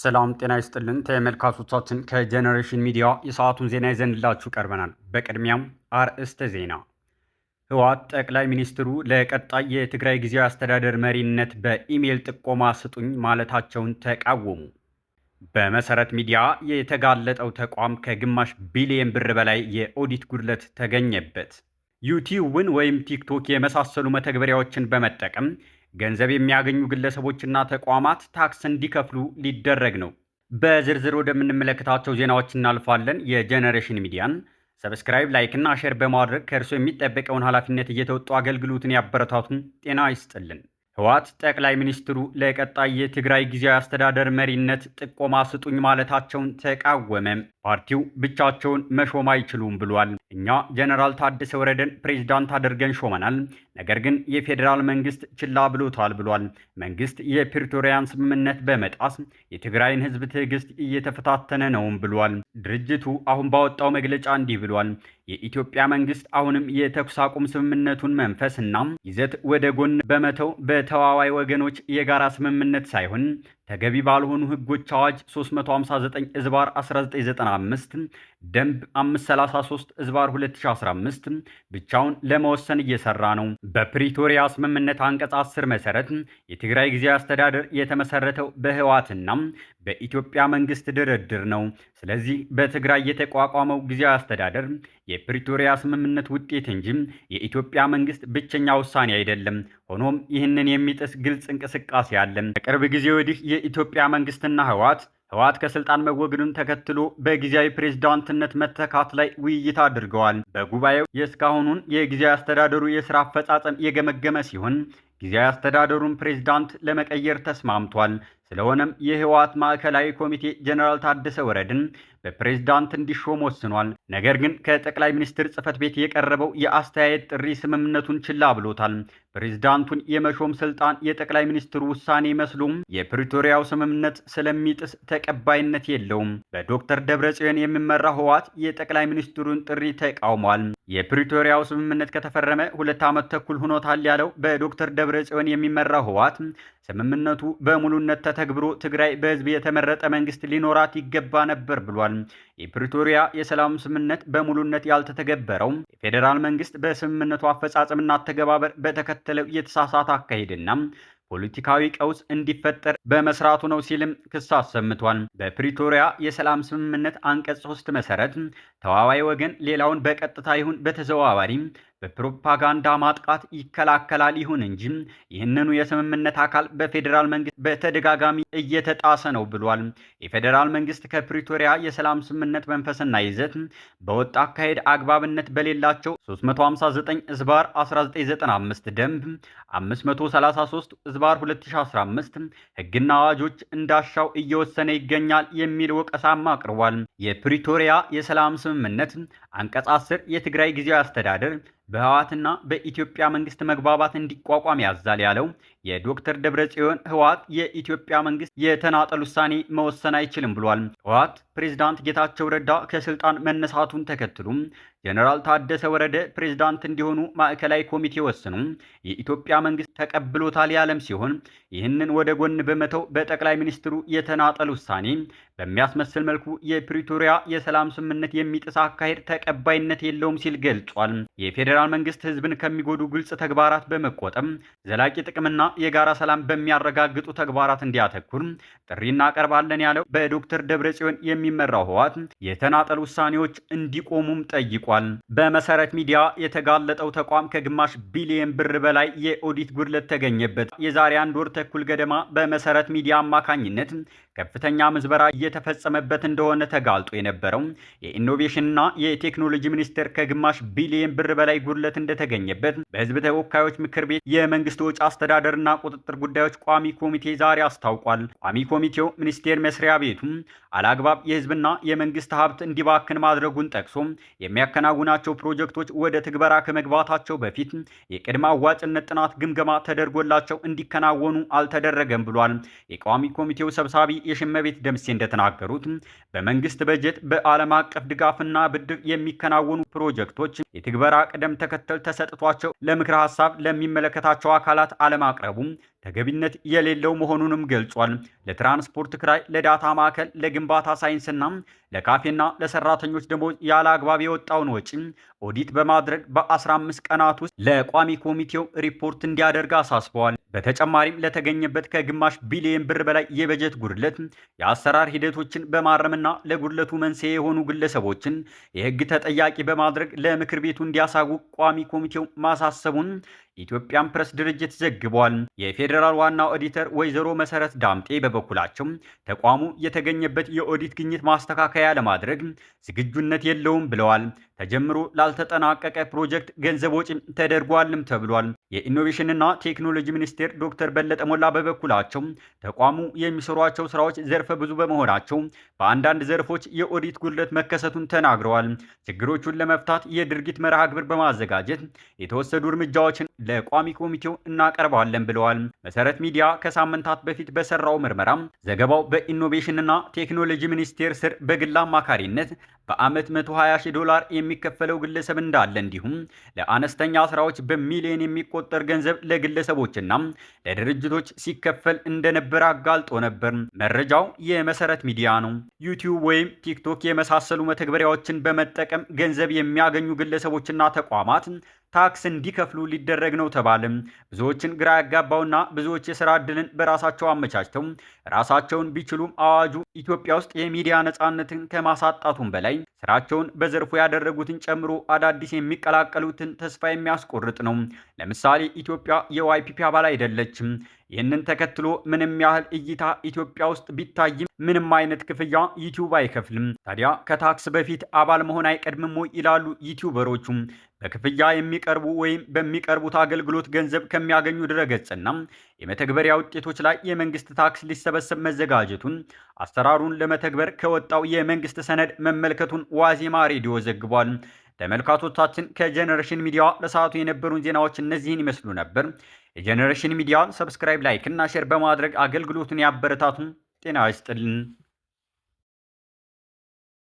ሰላም ጤና ይስጥልን ተመልካቾቻችን፣ ከጀነሬሽን ሚዲያ የሰዓቱን ዜና ይዘንላችሁ ቀርበናል። በቅድሚያም አርእስተ ዜና። ህወሓት ጠቅላይ ሚኒስትሩ ለቀጣይ የትግራይ ጊዜያዊ አስተዳደር መሪነት በኢሜይል ጥቆማ ስጡኝ ማለታቸውን ተቃወሙ። በመሰረት ሚዲያ የተጋለጠው ተቋም ከግማሽ ቢሊየን ብር በላይ የኦዲት ጉድለት ተገኘበት። ዩቲዩብን ወይም ቲክቶክ የመሳሰሉ መተግበሪያዎችን በመጠቀም ገንዘብ የሚያገኙ ግለሰቦችና ተቋማት ታክስ እንዲከፍሉ ሊደረግ ነው። በዝርዝር ወደምንመለከታቸው ዜናዎች እናልፋለን። የጄኔሬሽን ሚዲያን ሰብስክራይብ፣ ላይክና ሼር በማድረግ ከእርሶ የሚጠበቀውን ኃላፊነት እየተወጡ አገልግሎትን ያበረታቱን። ጤና ይስጥልን። ህወሓት ጠቅላይ ሚኒስትሩ ለቀጣይ የትግራይ ጊዜያዊ አስተዳደር መሪነት ጥቆማ ስጡኝ ማለታቸውን ተቃወመ። ፓርቲው ብቻቸውን መሾም አይችሉም ብሏል። እኛ ጀነራል ታደሰ ወረደን ፕሬዝዳንት አድርገን ሾመናል፣ ነገር ግን የፌዴራል መንግስት ችላ ብሎታል ብሏል። መንግስት የፕሪቶሪያን ስምምነት በመጣስ የትግራይን ህዝብ ትዕግስት እየተፈታተነ ነውም ብሏል። ድርጅቱ አሁን ባወጣው መግለጫ እንዲህ ብሏል። የኢትዮጵያ መንግስት አሁንም የተኩስ አቁም ስምምነቱን መንፈስ እና ይዘት ወደ ጎን በመተው በተዋዋይ ወገኖች የጋራ ስምምነት ሳይሆን ተገቢ ባልሆኑ ህጎች አዋጅ 359 ዝባር 1995 2015 ደንብ 533 እዝባር 2015 ብቻውን ለመወሰን እየሰራ ነው። በፕሪቶሪያ ስምምነት አንቀጽ 10 መሰረት የትግራይ ጊዜያዊ አስተዳደር የተመሰረተው በህወሓትና በኢትዮጵያ መንግስት ድርድር ነው። ስለዚህ በትግራይ የተቋቋመው ጊዜያዊ አስተዳደር የፕሪቶሪያ ስምምነት ውጤት እንጂ የኢትዮጵያ መንግስት ብቸኛ ውሳኔ አይደለም። ሆኖም ይህንን የሚጥስ ግልጽ እንቅስቃሴ አለ። ከቅርብ ጊዜ ወዲህ የኢትዮጵያ መንግስትና ህወሓት ህወሓት ከስልጣን መወገዱን ተከትሎ በጊዜያዊ ፕሬዝዳንትነት መተካት ላይ ውይይት አድርገዋል። በጉባኤው የእስካሁኑን የጊዜያዊ አስተዳደሩ የስራ አፈጻጸም የገመገመ ሲሆን ጊዜያዊ አስተዳደሩን ፕሬዝዳንት ለመቀየር ተስማምቷል። ስለሆነም የህወሓት ማዕከላዊ ኮሚቴ ጀኔራል ታደሰ ወረድን በፕሬዝዳንት እንዲሾም ወስኗል። ነገር ግን ከጠቅላይ ሚኒስትር ጽህፈት ቤት የቀረበው የአስተያየት ጥሪ ስምምነቱን ችላ ብሎታል። ፕሬዝዳንቱን የመሾም ስልጣን የጠቅላይ ሚኒስትሩ ውሳኔ መስሎም የፕሪቶሪያው ስምምነት ስለሚጥስ ተቀባይነት የለውም። በዶክተር ደብረጽዮን የሚመራ ህወሓት የጠቅላይ ሚኒስትሩን ጥሪ ተቃውሟል። የፕሪቶሪያው ስምምነት ከተፈረመ ሁለት ዓመት ተኩል ሆኖታል ያለው በዶክተር ደብረጽዮን የሚመራ ህወሓት ስምምነቱ በሙሉነት ተግብሮ ትግራይ በህዝብ የተመረጠ መንግስት ሊኖራት ይገባ ነበር ብሏል። የፕሪቶሪያ የሰላም ስምምነት በሙሉነት ያልተተገበረው የፌዴራል መንግስት በስምምነቱ አፈጻጸምና አተገባበር በተከተለው የተሳሳተ አካሄድና ፖለቲካዊ ቀውስ እንዲፈጠር በመስራቱ ነው ሲልም ክስ አሰምቷል። በፕሪቶሪያ የሰላም ስምምነት አንቀጽ ሶስት መሰረት ተዋዋይ ወገን ሌላውን በቀጥታ ይሁን በተዘዋዋሪ በፕሮፓጋንዳ ማጥቃት ይከላከላል። ይሁን እንጂ ይህንኑ የስምምነት አካል በፌዴራል መንግስት በተደጋጋሚ እየተጣሰ ነው ብሏል። የፌዴራል መንግስት ከፕሪቶሪያ የሰላም ስምምነት መንፈስና ይዘት በወጣ አካሄድ አግባብነት በሌላቸው 359 ዝባር 1995 ደንብ 533 ዝባር 2015 ህግና አዋጆች እንዳሻው እየወሰነ ይገኛል የሚል ወቀሳም አቅርቧል። የፕሪቶሪያ የሰላም ስምምነት አንቀጽ 10 የትግራይ ጊዜያዊ አስተዳደር በህወሓትና በኢትዮጵያ መንግስት መግባባት እንዲቋቋም ያዛል ያለው የዶክተር ደብረጽዮን ህወሓት የኢትዮጵያ መንግስት የተናጠል ውሳኔ መወሰን አይችልም ብሏል። ህወሓት ፕሬዝዳንት ጌታቸው ረዳ ከስልጣን መነሳቱን ተከትሎም ጀነራል ታደሰ ወረደ ፕሬዝዳንት እንዲሆኑ ማዕከላዊ ኮሚቴ ወስኑ የኢትዮጵያ መንግስት ተቀብሎታል ያለም ሲሆን ይህንን ወደ ጎን በመተው በጠቅላይ ሚኒስትሩ የተናጠል ውሳኔ በሚያስመስል መልኩ የፕሪቶሪያ የሰላም ስምምነት የሚጥስ አካሄድ ተቀባይነት የለውም ሲል ገልጿል። የፌዴራል መንግስት ህዝብን ከሚጎዱ ግልጽ ተግባራት በመቆጠብ ዘላቂ ጥቅምና የጋራ ሰላም በሚያረጋግጡ ተግባራት እንዲያተኩር ጥሪ እናቀርባለን ያለው በዶክተር ደብረጽዮን የሚመራው ህወሓት የተናጠል ውሳኔዎች እንዲቆሙም ጠይቋል። ተናግረዋል። በመሰረት ሚዲያ የተጋለጠው ተቋም ከግማሽ ቢሊየን ብር በላይ የኦዲት ጉድለት ተገኘበት። የዛሬ አንድ ወር ተኩል ገደማ በመሰረት ሚዲያ አማካኝነት ከፍተኛ ምዝበራ እየተፈጸመበት እንደሆነ ተጋልጦ የነበረው የኢኖቬሽንና የቴክኖሎጂ ሚኒስቴር ከግማሽ ቢሊየን ብር በላይ ጉድለት እንደተገኘበት በሕዝብ ተወካዮች ምክር ቤት የመንግስት ወጪ አስተዳደርና ቁጥጥር ጉዳዮች ቋሚ ኮሚቴ ዛሬ አስታውቋል። ቋሚ ኮሚቴው ሚኒስቴር መስሪያ ቤቱ አላግባብ የሕዝብና የመንግስት ሀብት እንዲባክን ማድረጉን ጠቅሶ የሚያከናውናቸው ፕሮጀክቶች ወደ ትግበራ ከመግባታቸው በፊት የቅድመ አዋጭነት ጥናት ግምገማ ተደርጎላቸው እንዲከናወኑ አልተደረገም ብሏል። የቋሚ ኮሚቴው ሰብሳቢ የሽመቤት ደምሴ እንደተናገሩት በመንግስት በጀት በዓለም አቀፍ ድጋፍና ብድር የሚከናወኑ ፕሮጀክቶች የትግበራ ቅደም ተከተል ተሰጥቷቸው ለምክረ ሀሳብ ለሚመለከታቸው አካላት አለማቅረቡም ተገቢነት የሌለው መሆኑንም ገልጿል። ለትራንስፖርት ክራይ፣ ለዳታ ማዕከል፣ ለግንባታ ሳይንስና ለካፌና ለሰራተኞች ደሞዝ ያለ አግባብ የወጣውን ወጪ ኦዲት በማድረግ በ15 ቀናት ውስጥ ለቋሚ ኮሚቴው ሪፖርት እንዲያደርግ አሳስበዋል። በተጨማሪም ለተገኘበት ከግማሽ ቢሊየን ብር በላይ የበጀት ጉድለት የአሰራር ሂደቶችን በማረምና ለጉድለቱ መንስኤ የሆኑ ግለሰቦችን የህግ ተጠያቂ በማድረግ ለምክር ቤቱ እንዲያሳውቅ ቋሚ ኮሚቴው ማሳሰቡን የኢትዮጵያን ፕሬስ ድርጅት ዘግቧል። የፌዴራል ዋና ኦዲተር ወይዘሮ መሰረት ዳምጤ በበኩላቸው ተቋሙ የተገኘበት የኦዲት ግኝት ማስተካከያ ለማድረግ ዝግጁነት የለውም ብለዋል። ተጀምሮ ላልተጠናቀቀ ፕሮጀክት ገንዘብ ወጪ ተደርጓልም ተብሏል። የኢኖቬሽንና ቴክኖሎጂ ሚኒስቴር ዶክተር በለጠ ሞላ በበኩላቸው ተቋሙ የሚሰሯቸው ስራዎች ዘርፈ ብዙ በመሆናቸው በአንዳንድ ዘርፎች የኦዲት ጉድለት መከሰቱን ተናግረዋል። ችግሮቹን ለመፍታት የድርጊት መርሃ ግብር በማዘጋጀት የተወሰዱ እርምጃዎችን ለቋሚ ኮሚቴው እናቀርባለን ብለዋል። መሰረት ሚዲያ ከሳምንታት በፊት በሰራው ምርመራ ዘገባው በኢኖቬሽንና ቴክኖሎጂ ሚኒስቴር ስር በግል አማካሪነት በአመት 120 ሺህ ዶላር የሚከፈለው ግለሰብ እንዳለ እንዲሁም ለአነስተኛ ስራዎች በሚሊዮን የሚቆጠር ገንዘብ ለግለሰቦችና ለድርጅቶች ሲከፈል እንደነበር አጋልጦ ነበር። መረጃው የመሰረት ሚዲያ ነው። ዩቲዩብ ወይም ቲክቶክ የመሳሰሉ መተግበሪያዎችን በመጠቀም ገንዘብ የሚያገኙ ግለሰቦችና ተቋማት ታክስ እንዲከፍሉ ሊደረግ ነው ተባለም። ብዙዎችን ግራ ያጋባውና ብዙዎች የስራ እድልን በራሳቸው አመቻችተው ራሳቸውን ቢችሉም አዋጁ ኢትዮጵያ ውስጥ የሚዲያ ነጻነትን ከማሳጣቱም በላይ ስራቸውን በዘርፉ ያደረጉትን ጨምሮ አዳዲስ የሚቀላቀሉትን ተስፋ የሚያስቆርጥ ነው። ለምሳሌ ኢትዮጵያ የዋይፒፒ አባል አይደለችም። ይህንን ተከትሎ ምንም ያህል እይታ ኢትዮጵያ ውስጥ ቢታይም ምንም አይነት ክፍያ ዩቲዩብ አይከፍልም። ታዲያ ከታክስ በፊት አባል መሆን አይቀድምም ይላሉ ዩቲዩበሮቹ። በክፍያ የሚቀርቡ ወይም በሚቀርቡት አገልግሎት ገንዘብ ከሚያገኙ ድረገጽና የመተግበሪያ ውጤቶች ላይ የመንግስት ታክስ ሊሰበሰብ መዘጋጀቱን አሰራሩን ለመተግበር ከወጣው የመንግስት ሰነድ መመልከቱን ዋዜማ ሬዲዮ ዘግቧል። ተመልካቾቻችን ከጀነሬሽን ሚዲያ ለሰዓቱ የነበሩን ዜናዎች እነዚህን ይመስሉ ነበር። የጀነሬሽን ሚዲያ ሰብስክራይብ፣ ላይክ እና ሼር በማድረግ አገልግሎቱን ያበረታቱን። ጤና ይስጥልን።